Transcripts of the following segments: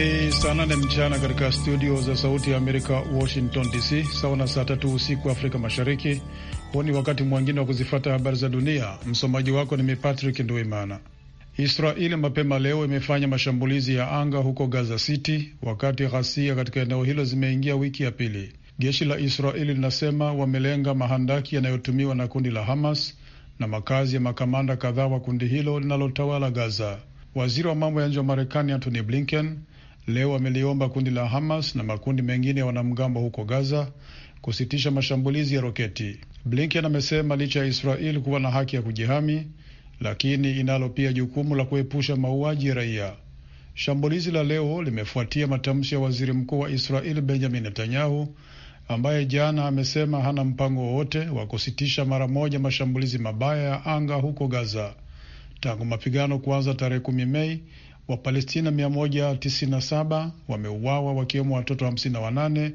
Ni saa nane mchana katika studio za Sauti ya Amerika, Washington DC, sawa na saa tatu usiku Afrika Mashariki. Huu ni wakati mwingine wa kuzifata habari za dunia. Msomaji wako ni Patrick Nduimana. Israeli mapema leo imefanya mashambulizi ya anga huko Gaza City, wakati ghasia katika eneo hilo zimeingia wiki ya pili. Jeshi la Israeli linasema wamelenga mahandaki yanayotumiwa na kundi la Hamas na makazi ya makamanda kadhaa wa kundi hilo linalotawala Gaza. Waziri wa mambo ya nje wa Marekani Antony Blinken leo wameliomba kundi la Hamas na makundi mengine ya wanamgambo huko Gaza kusitisha mashambulizi ya roketi. Blinken amesema licha ya Israel kuwa na haki ya kujihami, lakini inalo pia jukumu la kuepusha mauaji ya raia. Shambulizi la leo limefuatia matamshi ya waziri mkuu wa Israel Benjamin Netanyahu ambaye jana amesema hana mpango wowote wa kusitisha mara moja mashambulizi mabaya ya anga huko Gaza. Tangu mapigano kuanza tarehe kumi Mei, Wapalestina 197 wameuawa wakiwemo watoto 58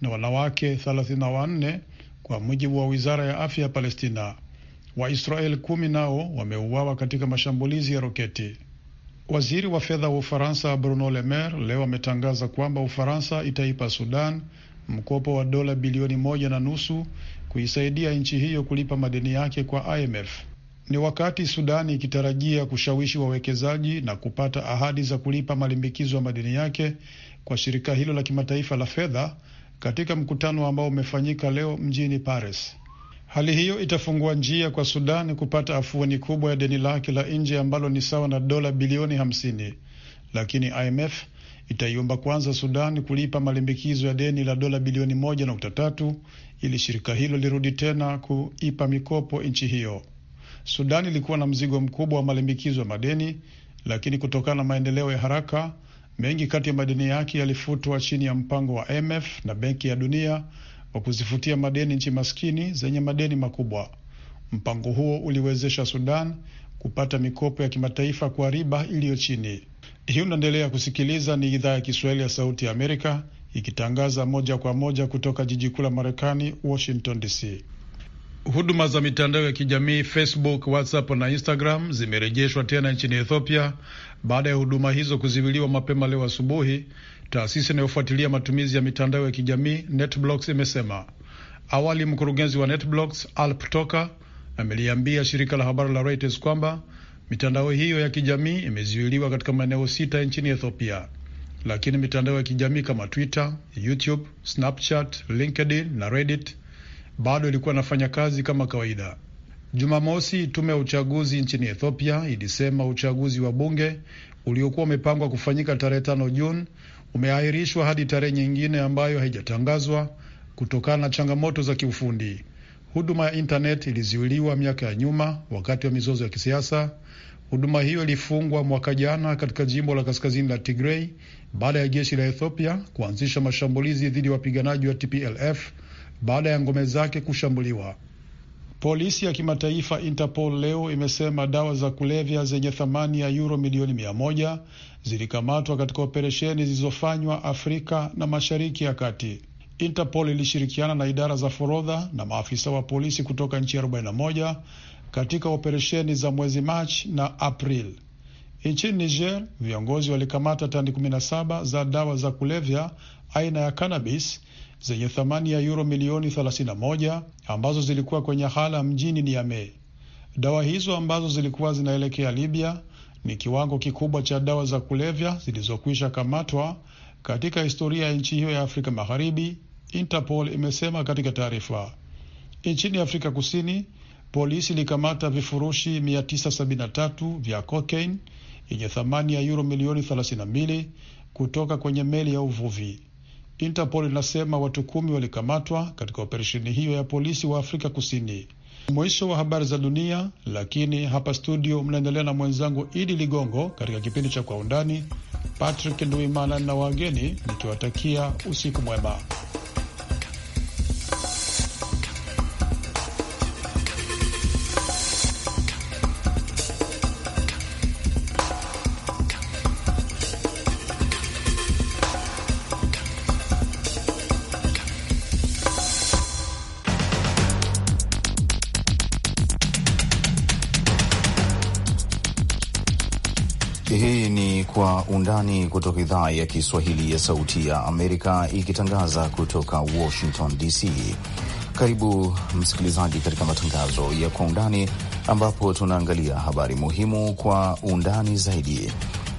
na wanawake 34 kwa mujibu wa wizara ya afya ya Palestina. Waisraeli kumi nao wameuawa katika mashambulizi ya roketi. Waziri wa fedha wa Ufaransa Bruno Le Maire leo ametangaza kwamba Ufaransa itaipa Sudan mkopo wa dola bilioni moja na nusu kuisaidia nchi hiyo kulipa madeni yake kwa IMF. Ni wakati Sudani ikitarajia kushawishi wawekezaji na kupata ahadi za kulipa malimbikizo ya madeni yake kwa shirika hilo la kimataifa la fedha katika mkutano ambao umefanyika leo mjini Paris. Hali hiyo itafungua njia kwa Sudan kupata afueni kubwa ya deni lake la nje ambalo ni sawa na dola bilioni 50 lakini IMF itaiomba kwanza Sudan kulipa malimbikizo ya deni la dola bilioni 13 ili shirika hilo lirudi tena kuipa mikopo nchi hiyo. Sudan ilikuwa na mzigo mkubwa wa malimbikizo ya madeni, lakini kutokana na maendeleo ya haraka, mengi kati ya madeni yake yalifutwa chini ya mpango wa IMF na Benki ya Dunia wa kuzifutia madeni nchi maskini zenye madeni makubwa. Mpango huo uliwezesha Sudan kupata mikopo ya kimataifa kwa riba iliyo chini. Hii unaendelea kusikiliza, ni idhaa ya Kiswahili ya Sauti ya Amerika ikitangaza moja kwa moja kutoka jiji kuu la Marekani, Washington DC. Huduma za mitandao ya kijamii Facebook, WhatsApp na Instagram zimerejeshwa tena nchini Ethiopia baada ya huduma hizo kuziwiliwa mapema leo asubuhi. Taasisi inayofuatilia matumizi ya mitandao ya kijamii NetBlocks imesema awali. Mkurugenzi wa NetBlocks Alp Toka ameliambia shirika la habari la Reuters kwamba mitandao hiyo ya kijamii imeziwiliwa katika maeneo sita nchini Ethiopia, lakini mitandao ya kijamii kama Twitter, YouTube, Snapchat, LinkedIn na Reddit bado ilikuwa inafanya kazi kama kawaida. Jumamosi, tume ya uchaguzi nchini Ethiopia ilisema uchaguzi wa bunge uliokuwa umepangwa kufanyika tarehe tano Juni umeahirishwa hadi tarehe nyingine ambayo haijatangazwa kutokana na changamoto za kiufundi. Huduma ya intaneti ilizuiliwa miaka ya nyuma wakati wa mizozo ya kisiasa. Huduma hiyo ilifungwa mwaka jana katika jimbo la kaskazini la Tigrei baada ya jeshi la Ethiopia kuanzisha mashambulizi dhidi ya wapiganaji wa TPLF baada ya ngome zake kushambuliwa. Polisi ya kimataifa Interpol leo imesema dawa za kulevya zenye thamani ya yuro milioni mia moja zilikamatwa katika operesheni zilizofanywa Afrika na Mashariki ya Kati. Interpol ilishirikiana na idara za forodha na maafisa wa polisi kutoka nchi 41 katika operesheni za mwezi Machi na April. Nchini Niger, viongozi walikamata tani 17 za dawa za kulevya aina ya cannabis zenye thamani ya yuro milioni 31 ambazo zilikuwa kwenye hala mjini Niamey. Dawa hizo ambazo zilikuwa zinaelekea Libya ni kiwango kikubwa cha dawa za kulevya zilizokwisha kamatwa katika historia ya nchi hiyo ya Afrika Magharibi, Interpol imesema katika taarifa. Nchini Afrika Kusini, polisi ilikamata vifurushi 973 vya cocaine yenye thamani ya yuro milioni 32 kutoka kwenye meli ya uvuvi. Interpol inasema watu kumi walikamatwa katika operesheni hiyo ya polisi wa Afrika Kusini. Mwisho wa habari za dunia, lakini hapa studio mnaendelea na mwenzangu Idi Ligongo katika kipindi cha Kwa Undani. Patrick Nduimana na wageni nikiwatakia usiku mwema. Undani kutoka idhaa ya Kiswahili ya Sauti ya Amerika ikitangaza kutoka Washington DC. Karibu msikilizaji, katika matangazo ya Kwa Undani ambapo tunaangalia habari muhimu kwa undani zaidi.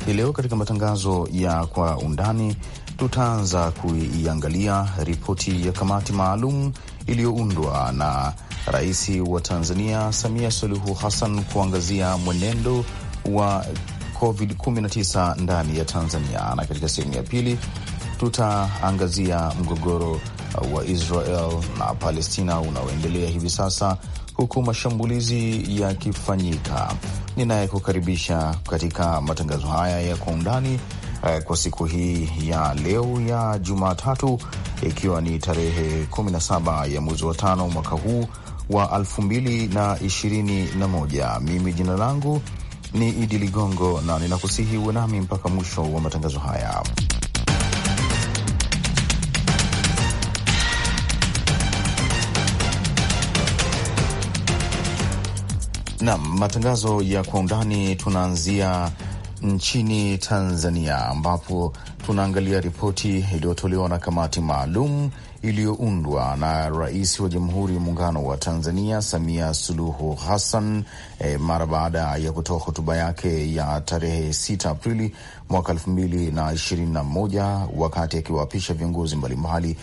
Hii leo katika matangazo ya Kwa Undani tutaanza kuiangalia ripoti ya kamati maalum iliyoundwa na Rais wa Tanzania Samia Suluhu Hassan kuangazia mwenendo wa COVID-19 ndani ya Tanzania, na katika sehemu ya pili tutaangazia mgogoro wa Israel na Palestina unaoendelea hivi sasa huku mashambulizi yakifanyika. Ninayekukaribisha katika matangazo haya ya kwa undani eh, kwa siku hii ya leo ya Jumatatu, ikiwa ni tarehe 17 ya mwezi wa tano mwaka huu wa 2021. Mimi jina langu ni Idi Ligongo na ninakusihi uwe nami mpaka mwisho wa matangazo haya. Nam, matangazo ya kwa undani tunaanzia nchini Tanzania ambapo tunaangalia ripoti iliyotolewa na kamati maalum iliyoundwa na Rais wa Jamhuri ya Muungano wa Tanzania Samia Suluhu Hassan e, mara baada ya kutoa hotuba yake ya tarehe 6 Aprili mwaka 221 wakati akiwaapisha viongozi mbalimbali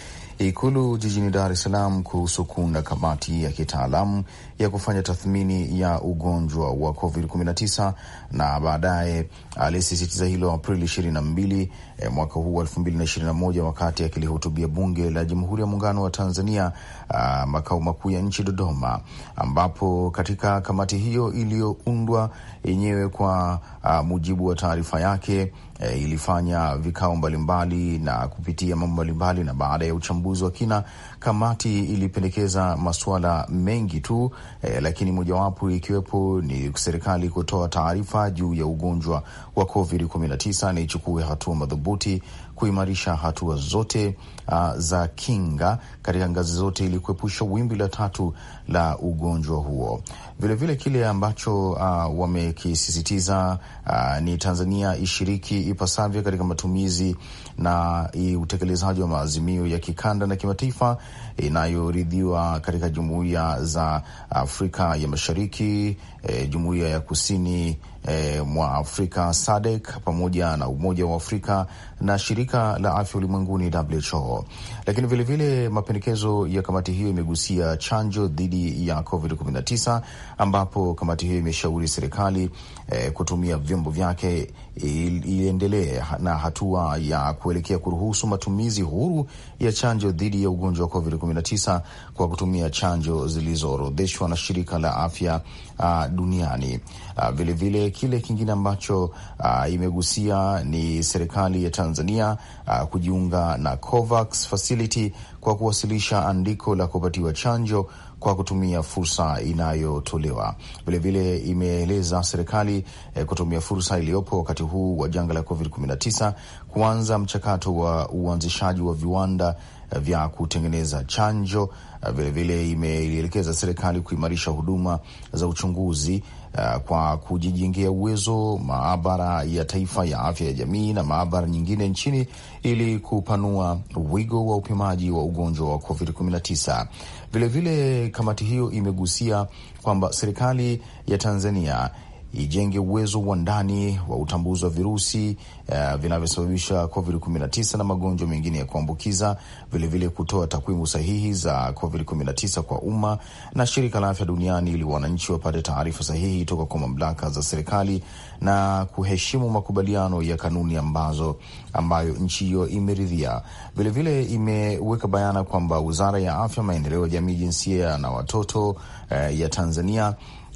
Ikulu jijini Dar es Salaam kuhusu kuunda kamati ya kitaalamu ya kufanya tathmini ya ugonjwa wa COVID-19 na baadaye alisisitiza hilo Aprili 22 eh, mwaka huu wa 2021 wakati akilihutubia bunge la Jamhuri ya Muungano wa Tanzania, uh, makao makuu ya nchi Dodoma, ambapo katika kamati hiyo iliyoundwa yenyewe kwa uh, mujibu wa taarifa yake e, ilifanya vikao mbalimbali na kupitia mambo mbalimbali, na baada ya uchambuzi wa kina, kamati ilipendekeza masuala mengi tu e, lakini mojawapo ikiwepo ni serikali kutoa taarifa juu ya ugonjwa wa COVID-19 na ichukue hatua madhubuti kuimarisha hatua zote uh, za kinga katika ngazi zote ili kuepusha wimbi la tatu la ugonjwa huo. Vilevile vile kile ambacho uh, wamekisisitiza uh, ni Tanzania ishiriki ipasavyo katika matumizi na utekelezaji wa maazimio ya kikanda na kimataifa inayoridhiwa katika jumuiya za Afrika ya Mashariki, e, jumuiya ya Kusini e, mwa Afrika SADC pamoja na Umoja wa Afrika na Shirika la Afya Ulimwenguni WHO. Lakini vilevile mapendekezo ya kamati hiyo imegusia chanjo dhidi ya COVID-19 ambapo kamati hiyo imeshauri serikali e, kutumia vyombo vyake iendelee na hatua ya kuelekea kuruhusu matumizi huru ya chanjo dhidi ya ugonjwa wa COVID-19 kwa kutumia chanjo zilizoorodheshwa na Shirika la Afya uh, duniani. Uh, vilevile kile kingine ambacho uh, imegusia ni serikali ya Tanzania uh, kujiunga na COVAX facility kwa kuwasilisha andiko la kupatiwa chanjo kwa kutumia fursa inayotolewa. Vilevile imeeleza serikali eh, kutumia fursa iliyopo wakati huu wa janga la COVID-19 kuanza mchakato wa uanzishaji wa viwanda eh, vya kutengeneza chanjo. Eh, Vilevile imeielekeza serikali kuimarisha huduma za uchunguzi Eh, kwa kujijengea uwezo, maabara ya taifa ya afya ya jamii na maabara nyingine nchini ili kupanua wigo wa upimaji wa ugonjwa wa COVID-19. Vilevile kamati hiyo imegusia kwamba serikali ya Tanzania ijenge uwezo wa ndani wa utambuzi wa virusi uh, vinavyosababisha COVID-19 na magonjwa mengine ya kuambukiza, vilevile kutoa takwimu sahihi za COVID-19 kwa umma na shirika la afya duniani, ili wananchi wapate taarifa sahihi toka kwa mamlaka za serikali na kuheshimu makubaliano ya kanuni ambazo ambayo nchi hiyo imeridhia. Vilevile imeweka bayana kwamba Wizara ya Afya, Maendeleo ya Jamii, Jinsia na Watoto uh, ya Tanzania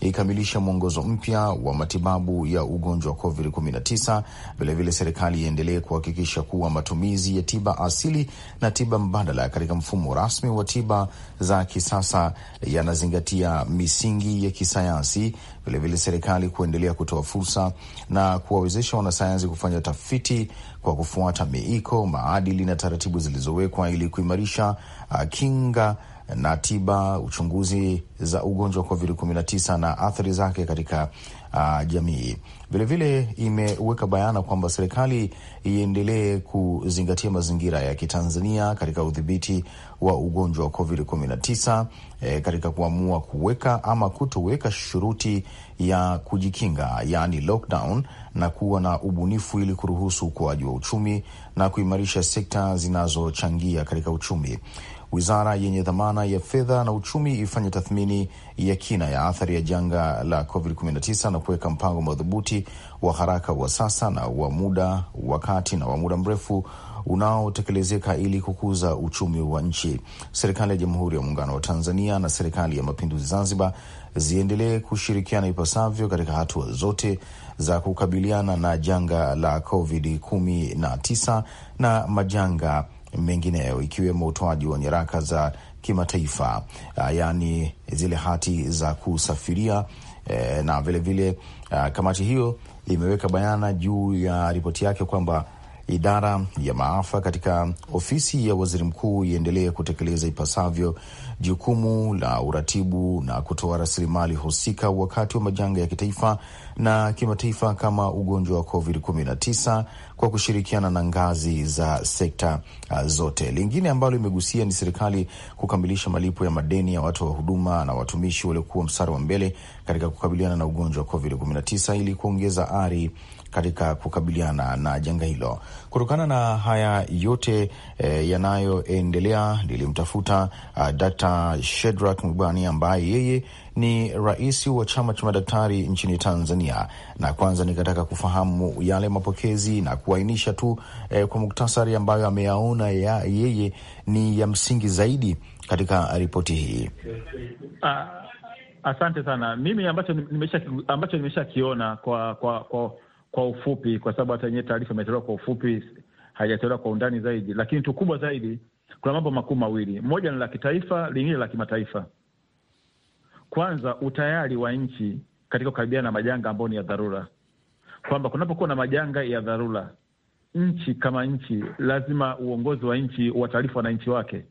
ikamilisha mwongozo mpya wa matibabu ya ugonjwa wa COVID-19. Vilevile, serikali iendelee kuhakikisha kuwa matumizi ya tiba asili na tiba mbadala katika mfumo rasmi wa tiba za kisasa yanazingatia misingi ya kisayansi. Vilevile, serikali kuendelea kutoa fursa na kuwawezesha wanasayansi kufanya tafiti kwa kufuata miiko, maadili na taratibu zilizowekwa ili kuimarisha ah, kinga na tiba, uchunguzi za ugonjwa wa Covid 19 na athari zake katika uh, jamii. Vilevile imeweka bayana kwamba serikali iendelee kuzingatia mazingira ya Kitanzania katika udhibiti wa ugonjwa wa Covid 19 e, eh, katika kuamua kuweka ama kutoweka shuruti ya kujikinga, yaani lockdown, na kuwa na ubunifu ili kuruhusu ukuaji wa uchumi na kuimarisha sekta zinazochangia katika uchumi. Wizara yenye dhamana ya fedha na uchumi ifanye tathmini ya kina ya athari ya janga la COVID-19 na kuweka mpango madhubuti wa haraka wa sasa na wa muda wa kati na wa muda mrefu unaotekelezeka ili kukuza uchumi wa nchi. Serikali ya Jamhuri ya Muungano wa Tanzania na Serikali ya Mapinduzi Zanzibar ziendelee kushirikiana ipasavyo katika hatua zote za kukabiliana na janga la COVID-19 na majanga mengineyo ikiwemo utoaji wa nyaraka za kimataifa uh, yaani zile hati za kusafiria eh, na vilevile vile, uh, kamati hiyo imeweka bayana juu ya ripoti yake kwamba idara ya maafa katika ofisi ya waziri mkuu iendelee kutekeleza ipasavyo jukumu la uratibu na kutoa rasilimali husika wakati wa majanga ya kitaifa na kimataifa kama ugonjwa wa COVID-19 kwa kushirikiana na ngazi za sekta uh, zote. Lingine ambalo imegusia ni serikali kukamilisha malipo ya madeni ya watu wa huduma na watumishi waliokuwa mstari wa mbele katika kukabiliana na ugonjwa wa COVID-19 ili kuongeza ari katika kukabiliana na janga hilo. Kutokana na haya yote e, yanayoendelea, nilimtafuta uh, Dr. Shedrack Mbwani ambaye yeye ni rais wa chama cha madaktari nchini Tanzania, na kwanza nikataka kufahamu yale mapokezi na kuainisha tu e, kwa muktasari ambayo ameyaona ya, yeye ni ya msingi zaidi katika ripoti hii. Ah, asante sana. Mimi ambacho nimesha ambacho kwa kwa kwa kwa ufupi, kwa sababu hata yenyewe taarifa imetolewa kwa ufupi, haijatolewa kwa undani zaidi. Lakini tu kubwa zaidi, kuna mambo makuu mawili, moja ni la kitaifa, lingine la kimataifa. Kwanza, utayari wa nchi katika kukabiliana na majanga ambayo ni ya dharura, kwamba kunapokuwa na majanga ya dharura, nchi kama nchi lazima uongozi wa nchi wataarifu wananchi wake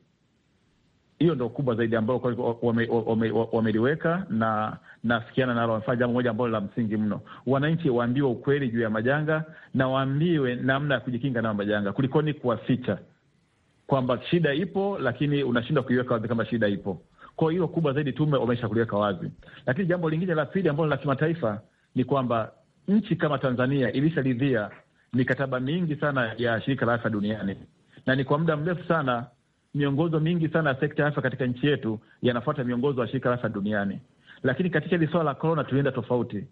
hiyo ndo kubwa zaidi ambayo wameliweka na nafikiana nalo, wamefanya jambo moja ambalo la msingi mno. Wananchi waambiwe ukweli juu ya majanga na waambiwe namna ya kujikinga nayo majanga, kulikoni kuwaficha kwamba shida ipo, lakini unashindwa kuiweka wazi kama shida ipo. Kwa hiyo kubwa zaidi tume wameisha kuliweka wazi, lakini jambo lingine la pili ambalo la kimataifa ni kwamba nchi kama Tanzania ilisharidhia mikataba mingi sana ya shirika la afya duniani na ni kwa muda mrefu sana miongozo mingi sana ya sekta ya afya katika nchi yetu yanafuata miongozo ya shirika la afya duniani, lakini katika hili swala la korona tulienda tofauti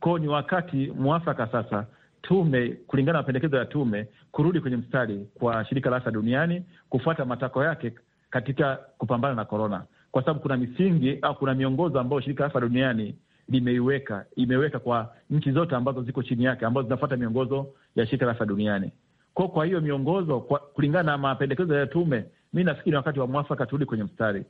kwao. Ni wakati mwafaka sasa tume kulingana na mapendekezo ya tume kurudi kwenye mstari kwa shirika la afya duniani kufuata matakwa yake katika kupambana na korona, kwa sababu kuna misingi au kuna miongozo ambayo shirika la afya duniani limeiweka imeweka kwa nchi zote ambazo ziko chini yake ambazo zinafuata miongozo ya shirika la afya duniani. Kwa kwa hiyo miongozo kwa, kulingana na mapendekezo ya tume mi nafikiri wakati wa mwafaka turudi kwenye mstari.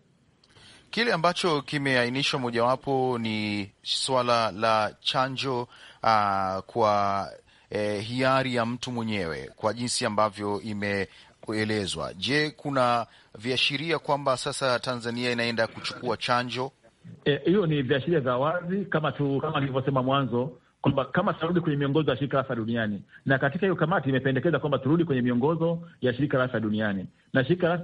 Kile ambacho kimeainishwa mojawapo ni swala la chanjo uh, kwa eh, hiari ya mtu mwenyewe kwa jinsi ambavyo imeelezwa. Je, kuna viashiria kwamba sasa Tanzania inaenda kuchukua chanjo eh, hiyo? E, ni viashiria vya wazi kama tu, kama nilivyosema mwanzo kwamba kama tunarudi kwenye miongozo ya shirika la afya duniani, na katika hiyo kamati imependekeza kwamba turudi kwenye miongozo ya shirika la afya duniani, na shirika la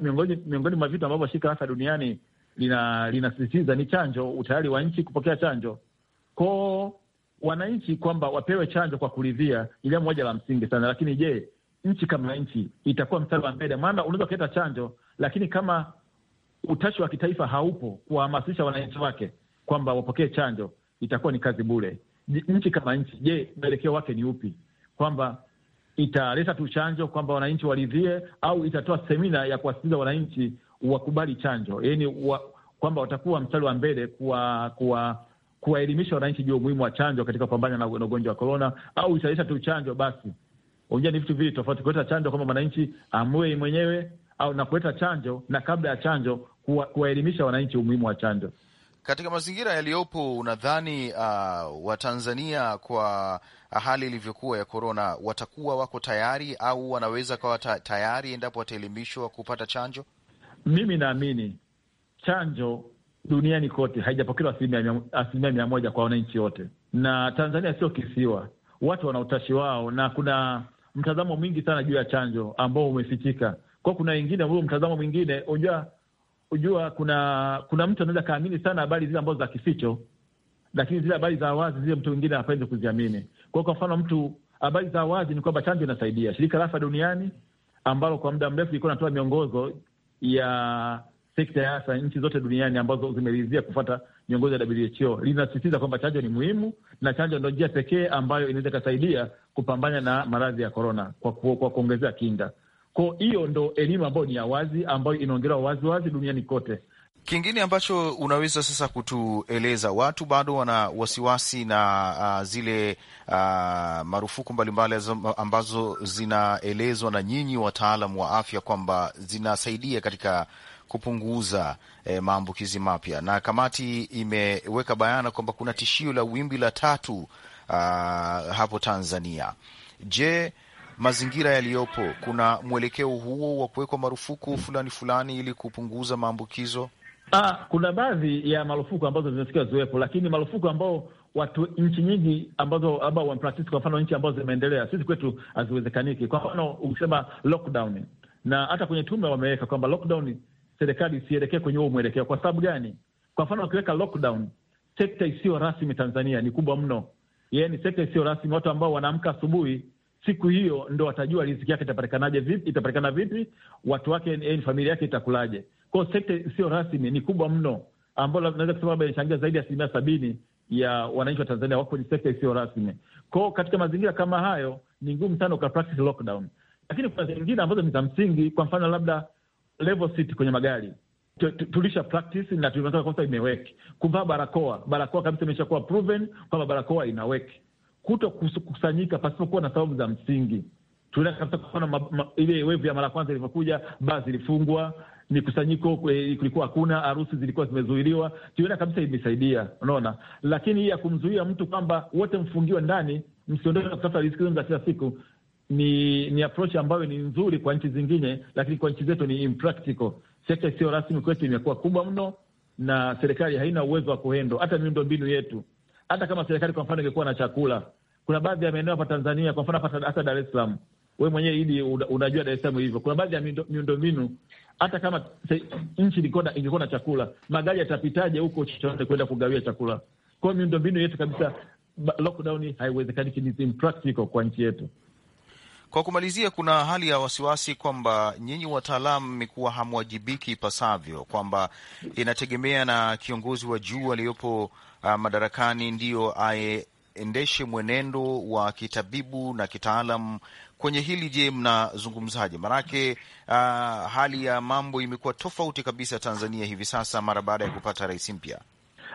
miongoni mwa vitu ambavyo shirika la afya duniani linasisitiza lina ni chanjo, utayari wa nchi kupokea chanjo koo wananchi kwamba wapewe chanjo kwa kuridhia, ni jambo moja la msingi sana. Lakini je, nchi kama nchi itakuwa mstari wa mbele? Maana unaweza ukaleta chanjo, lakini kama utashi wa kitaifa haupo kuwahamasisha wananchi wake kwamba wapokee chanjo, itakuwa ni kazi bure nchi kama nchi, je, mwelekeo wake ni upi? Kwamba italeta tu chanjo kwamba wananchi waridhie, au itatoa semina ya kuwasitiza wananchi wakubali chanjo, yaani wa, kwamba watakuwa mstari wa mbele kuwa kuwa kuwaelimisha wananchi juu umuhimu wa chanjo katika kupambana na ugonjwa wa korona, au italeta tu chanjo basi? Unajua ni vitu viwili tofauti, kuleta chanjo kwamba mwananchi amue mwenyewe au na kuleta chanjo na kabla ya chanjo kuwaelimisha wananchi umuhimu wa chanjo. Katika mazingira yaliyopo unadhani uh, Watanzania kwa uh, hali ilivyokuwa ya korona watakuwa wako tayari au wanaweza kawa tayari endapo wataelimishwa kupata chanjo? Mimi naamini chanjo duniani kote haijapokelewa asilimia mia moja kwa wananchi wote, na Tanzania sio kisiwa. Watu wana utashi wao, na kuna mtazamo mwingi sana juu ya chanjo ambao umefichika kwao. Kuna wengine huo mtazamo mwingine, unajua hujua kuna kuna mtu anaweza kaamini sana habari zile ambazo za kificho, lakini zile habari za wazi zile mtu mwingine hapendi kuziamini. Kwa kwa mfano mtu habari za wazi ni kwamba chanjo inasaidia. Shirika la Afya Duniani ambalo kwa muda mrefu ilikuwa natoa miongozo ya sekta ya afya nchi zote duniani ambazo zimeridhia kufuata miongozo ya WHO linasisitiza kwamba chanjo ni muhimu na chanjo ndio njia pekee ambayo inaweza ikasaidia kupambana na maradhi ya korona kwa, kwa, kwa kuongezea kinga. Kwa hiyo ndo elimu ambayo ni ya wazi ambayo inaongelewa waziwazi duniani kote. Kingine ambacho unaweza sasa kutueleza, watu bado wana wasiwasi na uh, zile uh, marufuku mbalimbali ambazo zinaelezwa na nyinyi wataalam wa afya kwamba zinasaidia katika kupunguza eh, maambukizi mapya, na kamati imeweka bayana kwamba kuna tishio la wimbi la tatu uh, hapo Tanzania. Je, mazingira yaliyopo, kuna mwelekeo huo wa kuwekwa marufuku fulani fulani ili kupunguza maambukizo? Ah, kuna baadhi ya marufuku ambazo zinatakiwa ziwepo, lakini marufuku ambao watu nchi nyingi ambazo labda wanapractice, kwa mfano nchi ambazo zimeendelea, sisi kwetu haziwezekaniki. Kwa mfano ukisema lockdown, na hata kwenye tume wameweka kwamba lockdown, serikali isielekee kwenye huo mwelekeo. Kwa sababu gani? Kwa mfano wakiweka lockdown, sekta isiyo rasmi Tanzania ni kubwa mno, yaani sekta isiyo rasmi, watu ambao wanaamka asubuhi siku hiyo ndo watajua riziki yake itapatikanaje vipi, itapatikana vipi, watu wake, eh, ni familia yake itakulaje. Kwa hiyo sekta isiyo rasmi ni kubwa mno, ambayo naweza kusema kwamba inachangia zaidi ya asilimia sabini ya wananchi wa Tanzania wako kwenye sekta isiyo rasmi. Kwao katika mazingira kama hayo, ni ngumu sana uka practice lockdown, lakini kuna zingine ambazo ni za msingi. Kwa mfano labda level seat kwenye magari tulisha practice na tulianza kosa imeweki kuvaa barakoa. Barakoa kabisa imeshakuwa proven kwamba barakoa inaweki kuto kukusanyika pasipokuwa na sababu za msingi. Tuliona kabisa kuona ile wevu ya mara kwanza ilivyokuja, baa zilifungwa, mikusanyiko kulikuwa hakuna, harusi zilikuwa zimezuiliwa. Tuliona kabisa imesaidia, unaona. Lakini hii ya kumzuia mtu kwamba wote mfungiwe ndani, msiondoke kutafuta riziki zenu za kila siku ni ni approach ambayo ni nzuri kwa nchi zingine, lakini kwa nchi zetu ni impractical. Sekta isiyo rasmi kwetu imekuwa kubwa mno, na serikali haina uwezo wa kuhendo hata miundo mbinu yetu hata kama serikali kwa mfano ingekuwa na chakula, kuna baadhi ya maeneo hapa Tanzania, kwa mfano hata Dar es Salaam, we mwenyewe hili unajua Dar es Salaam hivyo, kuna baadhi ya miundombinu hata kama nchi ingekuwa na chakula, magari yatapitaje huko chochote kwenda kugawia chakula? Kwa hiyo miundombinu yetu kabisa, lockdown haiwezekani, it impractical kwa nchi yetu. Kwa kumalizia, kuna hali ya wasiwasi kwamba nyinyi wataalamu mmekuwa hamwajibiki ipasavyo, kwamba inategemea na kiongozi wa juu aliyopo uh, madarakani ndiyo aendeshe mwenendo wa kitabibu na kitaalam kwenye hili. Je, mnazungumzaje? Maanake uh, hali ya mambo imekuwa tofauti kabisa Tanzania hivi sasa mara baada ya kupata rais mpya.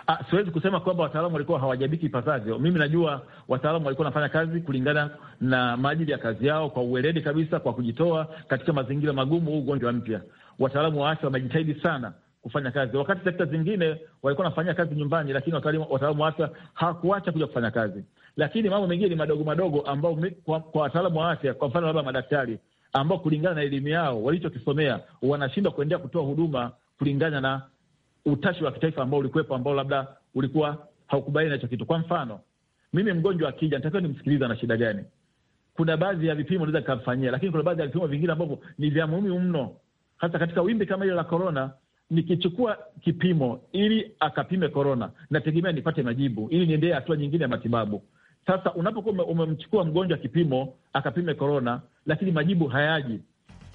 Ah, siwezi kusema kwamba wataalamu walikuwa hawajabiki ipasavyo. Mimi najua wataalamu walikuwa wanafanya kazi kulingana na maajili ya kazi yao kwa uweledi kabisa, kwa kujitoa katika mazingira magumu, huu ugonjwa mpya. Wataalamu wa afya wamejitahidi sana kufanya kazi, wakati sekta zingine walikuwa wanafanya kazi nyumbani, lakini wataalamu wa afya hawakuacha kuja kufanya kazi. Lakini mambo mengine ni madogo madogo ambao kwa, kwa wataalamu wa afya, kwa mfano labda madaktari ambao kulingana na elimu yao walichokisomea wanashindwa kuendelea kutoa huduma kulingana na utashi wa kitaifa ambao ulikuwepo, ambao labda ulikuwa haukubaliani na hicho kitu. Kwa mfano, mimi mgonjwa akija, nitakiwa nimsikilize ana shida gani. Kuna baadhi ya vipimo naweza nikamfanyia, lakini kuna baadhi ya vipimo vingine ambavyo ni vya muhimu mno, hasa katika wimbi kama hilo la korona. Nikichukua kipimo ili akapime korona, nategemea nipate majibu ili niendee hatua nyingine ya matibabu. Sasa unapokuwa umemchukua mgonjwa kipimo akapime korona, lakini majibu hayaji,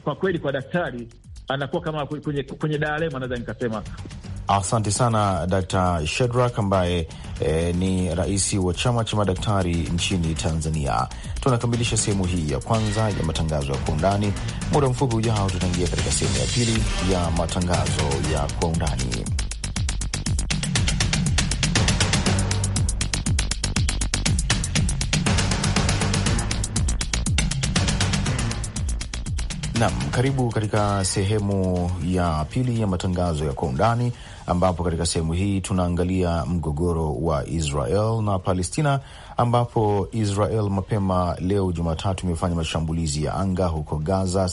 kwa kweli kwa daktari anakuwa kama kwenye, kwenye daalema, naweza nikasema. Asante sana Dkt. Shedrak ambaye e, ni rais wa chama cha madaktari nchini Tanzania. Tunakamilisha sehemu hii ya kwanza ya matangazo ya kwa undani. Muda mfupi ujao, tutaingia katika sehemu ya pili ya matangazo ya kwa undani. Nam, karibu katika sehemu ya pili ya matangazo ya kwa undani ambapo katika sehemu hii tunaangalia mgogoro wa Israel na Palestina, ambapo Israel mapema leo Jumatatu imefanya mashambulizi ya anga huko Gaza,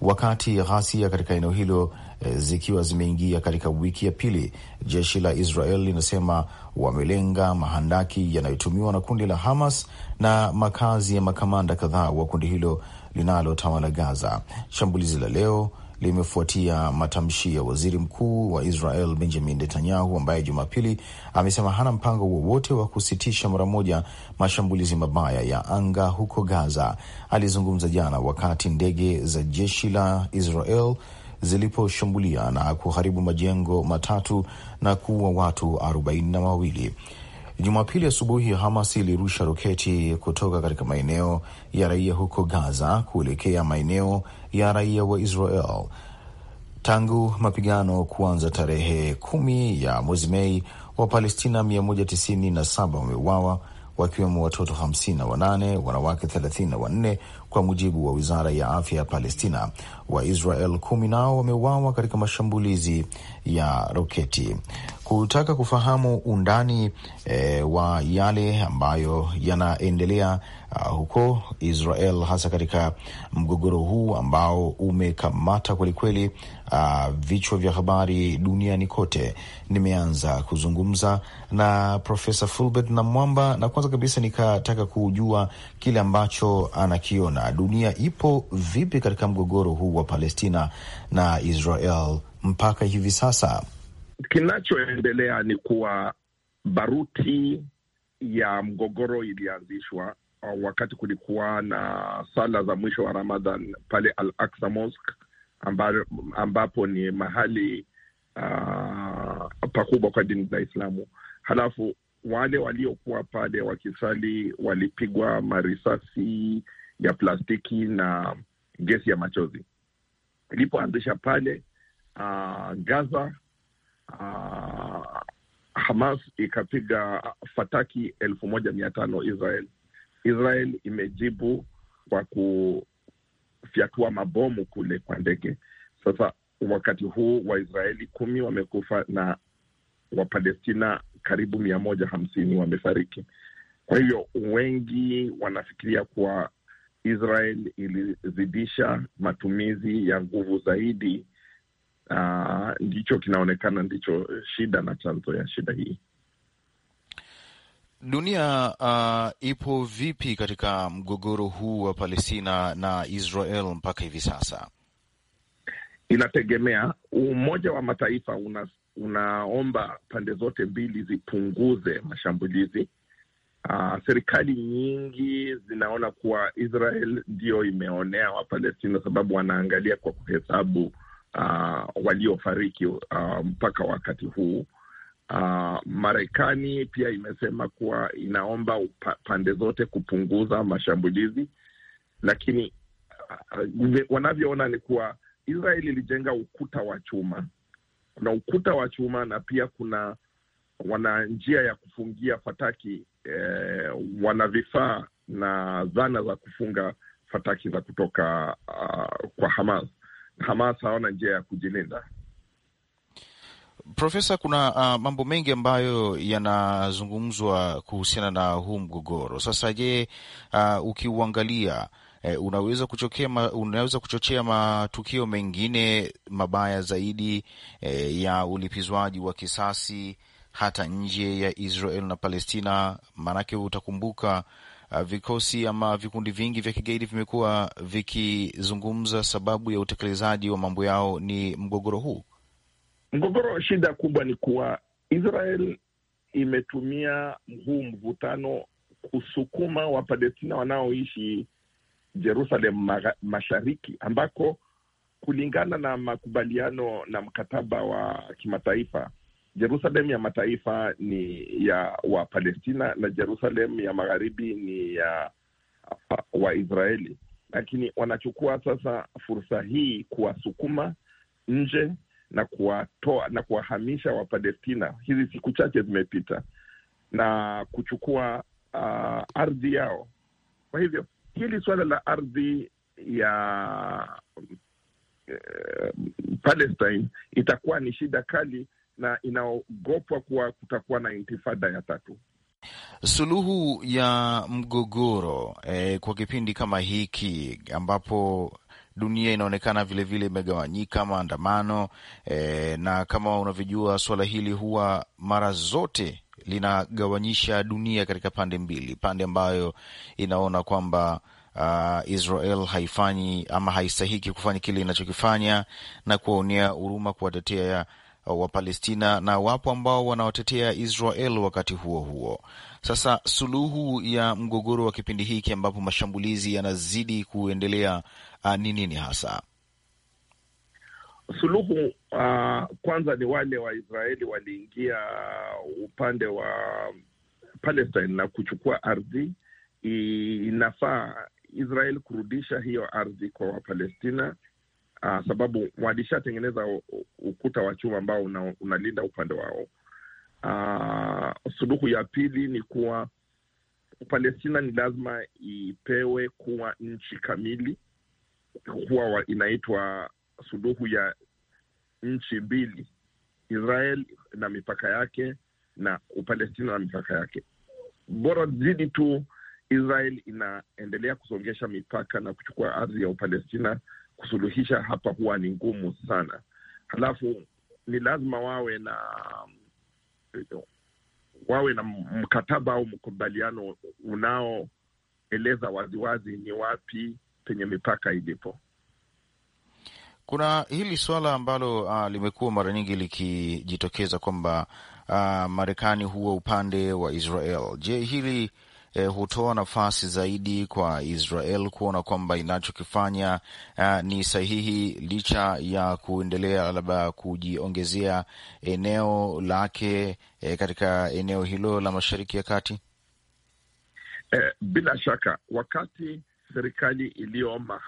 wakati ghasia katika eneo hilo eh, zikiwa zimeingia katika wiki ya pili. Jeshi la Israel linasema wamelenga mahandaki yanayotumiwa na kundi la Hamas na makazi ya makamanda kadhaa wa kundi hilo linalotawala Gaza. Shambulizi la leo limefuatia matamshi ya waziri mkuu wa Israel Benjamin Netanyahu ambaye Jumapili amesema hana mpango wowote wa kusitisha mara moja mashambulizi mabaya ya anga huko Gaza. Alizungumza jana wakati ndege za jeshi la Israel ziliposhambulia na kuharibu majengo matatu na kuua watu arobaini na wawili. Jumapili asubuhi Hamas ilirusha roketi kutoka katika maeneo ya raia huko Gaza kuelekea maeneo ya raia wa Israel. Tangu mapigano kuanza tarehe kumi ya mwezi Mei, Wapalestina 197 wameuawa wakiwemo watoto 58 na wanane, wanawake 34 wanne kwa mujibu wa wizara ya afya ya Palestina. Waisrael kumi nao wameuawa katika mashambulizi ya roketi. Kutaka kufahamu undani e, wa yale ambayo yanaendelea uh, huko Israel, hasa katika mgogoro huu ambao umekamata kwelikweli uh, ah, vichwa vya habari duniani kote. Nimeanza kuzungumza na Profesa Fulbert na Mwamba, na kwanza kabisa nikataka kujua kile ambacho anakiona dunia ipo vipi katika mgogoro huu wa Palestina na Israel mpaka hivi sasa. Kinachoendelea ni kuwa baruti ya mgogoro ilianzishwa Uh, wakati kulikuwa na sala za mwisho wa Ramadhan pale Al Aksa Mosque amba, ambapo ni mahali uh, pakubwa kwa dini za Islamu. Halafu wale waliokuwa pale wakisali walipigwa marisasi ya plastiki na gesi ya machozi ilipoanzisha pale uh, Gaza. Uh, Hamas ikapiga fataki elfu moja mia tano Israel Israel imejibu kwa kufyatua mabomu kule kwa ndege. Sasa wakati huu Waisraeli kumi wamekufa na Wapalestina karibu mia moja hamsini wamefariki. Kwa hivyo wengi wanafikiria kuwa Israel ilizidisha matumizi ya nguvu zaidi. Uh, ndicho kinaonekana ndicho shida na chanzo ya shida hii. Dunia uh, ipo vipi katika mgogoro huu wa Palestina na Israel mpaka hivi sasa? Inategemea. Umoja wa Mataifa una, unaomba pande zote mbili zipunguze mashambulizi. Uh, serikali nyingi zinaona kuwa Israel ndiyo imeonea Wapalestina sababu wanaangalia kwa kuhesabu uh, waliofariki uh, mpaka wakati huu Uh, Marekani pia imesema kuwa inaomba upa, pande zote kupunguza mashambulizi, lakini uh, wanavyoona ni kuwa Israeli ilijenga ukuta wa chuma. Kuna ukuta wa chuma na pia kuna wana njia ya kufungia fataki eh, wana vifaa na zana za kufunga fataki za kutoka uh, kwa Hamas. Hamas hawana njia ya kujilinda. Profesa, kuna uh, mambo mengi ambayo yanazungumzwa kuhusiana na huu mgogoro sasa. Je, uh, ukiuangalia eh, unaweza ma, unaweza kuchochea matukio mengine mabaya zaidi eh, ya ulipizwaji wa kisasi hata nje ya Israel na Palestina? Maanake utakumbuka uh, vikosi ama vikundi vingi vya kigaidi vimekuwa vikizungumza, sababu ya utekelezaji wa mambo yao ni mgogoro huu. Mgogoro, shida kubwa ni kuwa Israel imetumia huu mvutano kusukuma Wapalestina wanaoishi Jerusalem mashariki ambako kulingana na makubaliano na mkataba wa kimataifa Jerusalem ya mataifa ni ya Wapalestina na Jerusalem ya magharibi ni ya uh, Waisraeli, lakini wanachukua sasa fursa hii kuwasukuma nje na kuwatoa na kuwahamisha Wapalestina hizi siku chache zimepita, na kuchukua uh, ardhi yao. Kwa hivyo hili suala la ardhi ya uh, Palestine itakuwa ni shida kali na inaogopwa kuwa kutakuwa na intifada ya tatu. Suluhu ya mgogoro eh, kwa kipindi kama hiki ambapo dunia inaonekana vilevile imegawanyika, maandamano e, na kama unavyojua suala hili huwa mara zote linagawanyisha dunia katika pande mbili, pande ambayo inaona kwamba Uh, Israel haifanyi ama haistahiki kufanya kile inachokifanya na kuwaonea huruma, kuwatetea uh, Wapalestina, na wapo ambao wanawatetea Israel wakati huo huo. Sasa suluhu ya mgogoro wa kipindi hiki ambapo mashambulizi yanazidi kuendelea Ah, ni nini hasa suluhu? Uh, kwanza ni wale Waisraeli waliingia upande wa Palestine na kuchukua ardhi. Inafaa Israel kurudisha hiyo ardhi kwa Wapalestina. Uh, sababu walishatengeneza ukuta wa chuma ambao unalinda una upande wao. Uh, suluhu ya pili ni kuwa Palestina ni lazima ipewe kuwa nchi kamili huwa inaitwa suluhu ya nchi mbili, Israel na mipaka yake na Upalestina na mipaka yake. Bora zidi tu Israel inaendelea kusongesha mipaka na kuchukua ardhi ya Upalestina, kusuluhisha hapa huwa ni ngumu sana. Halafu ni lazima wawe na wawe na mkataba au mkubaliano unaoeleza waziwazi ni wapi penye mipaka ilipo. Kuna hili suala ambalo uh, limekuwa mara nyingi likijitokeza kwamba uh, Marekani huwa upande wa Israel. Je, hili eh, hutoa nafasi zaidi kwa Israel kuona kwamba inachokifanya uh, ni sahihi licha ya kuendelea labda kujiongezea eneo lake eh, katika eneo hilo la Mashariki ya Kati? Eh, bila shaka wakati serikali iliyo uh,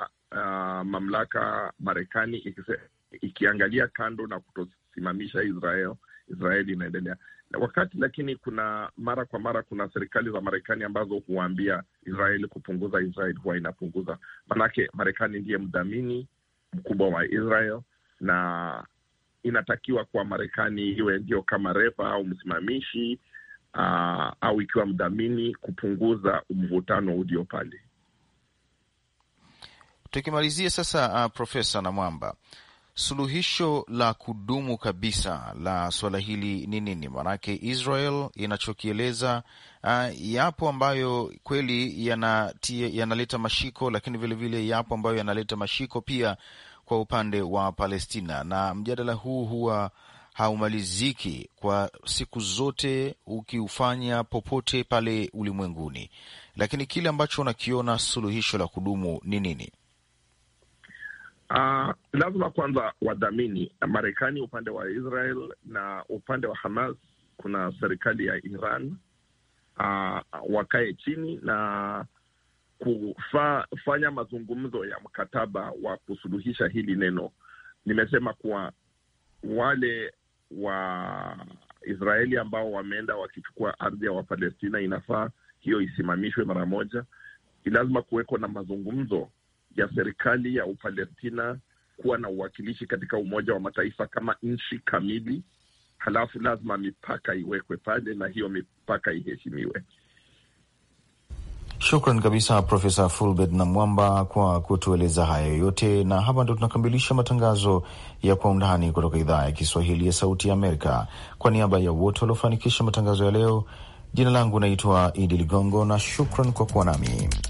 mamlaka Marekani ikise, ikiangalia kando na kutosimamisha Israel, Israeli inaendelea wakati lakini, kuna mara kwa mara kuna serikali za Marekani ambazo huwaambia Israeli kupunguza, Israeli huwa inapunguza. Maanake Marekani ndiye mdhamini mkubwa wa Israel na inatakiwa kuwa Marekani iwe ndio kama refa au msimamishi uh, au ikiwa mdhamini kupunguza mvutano ulio pale. Tukimalizia sasa, uh, Profesa Namwamba, suluhisho la kudumu kabisa la suala hili ni nini? Maanake Israel inachokieleza uh, yapo ambayo kweli yanaleta yana mashiko, lakini vilevile vile yapo ambayo yanaleta mashiko pia kwa upande wa Palestina, na mjadala huu huwa haumaliziki kwa siku zote, ukiufanya popote pale ulimwenguni. Lakini kile ambacho unakiona suluhisho la kudumu ni nini? Uh, lazima kwanza wadhamini Marekani upande wa Israel na upande wa Hamas, kuna serikali ya Iran uh, wakae chini na kufanya mazungumzo ya mkataba wa kusuluhisha hili neno. Nimesema kuwa wale wa Israeli ambao wameenda wakichukua ardhi ya Wapalestina inafaa hiyo isimamishwe mara moja. lazima kuweko na mazungumzo ya serikali ya Upalestina kuwa na uwakilishi katika Umoja wa Mataifa kama nchi kamili. Halafu lazima mipaka iwekwe pale na hiyo mipaka iheshimiwe. Shukran kabisa Profesa Fulbert na Mwamba kwa kutueleza hayo yote, na hapa ndo tunakamilisha matangazo ya Kwa Undani kutoka idhaa ya Kiswahili ya Sauti ya Amerika. Kwa niaba ya wote waliofanikisha matangazo ya leo, jina langu naitwa Idi Ligongo na shukran kwa kuwa nami.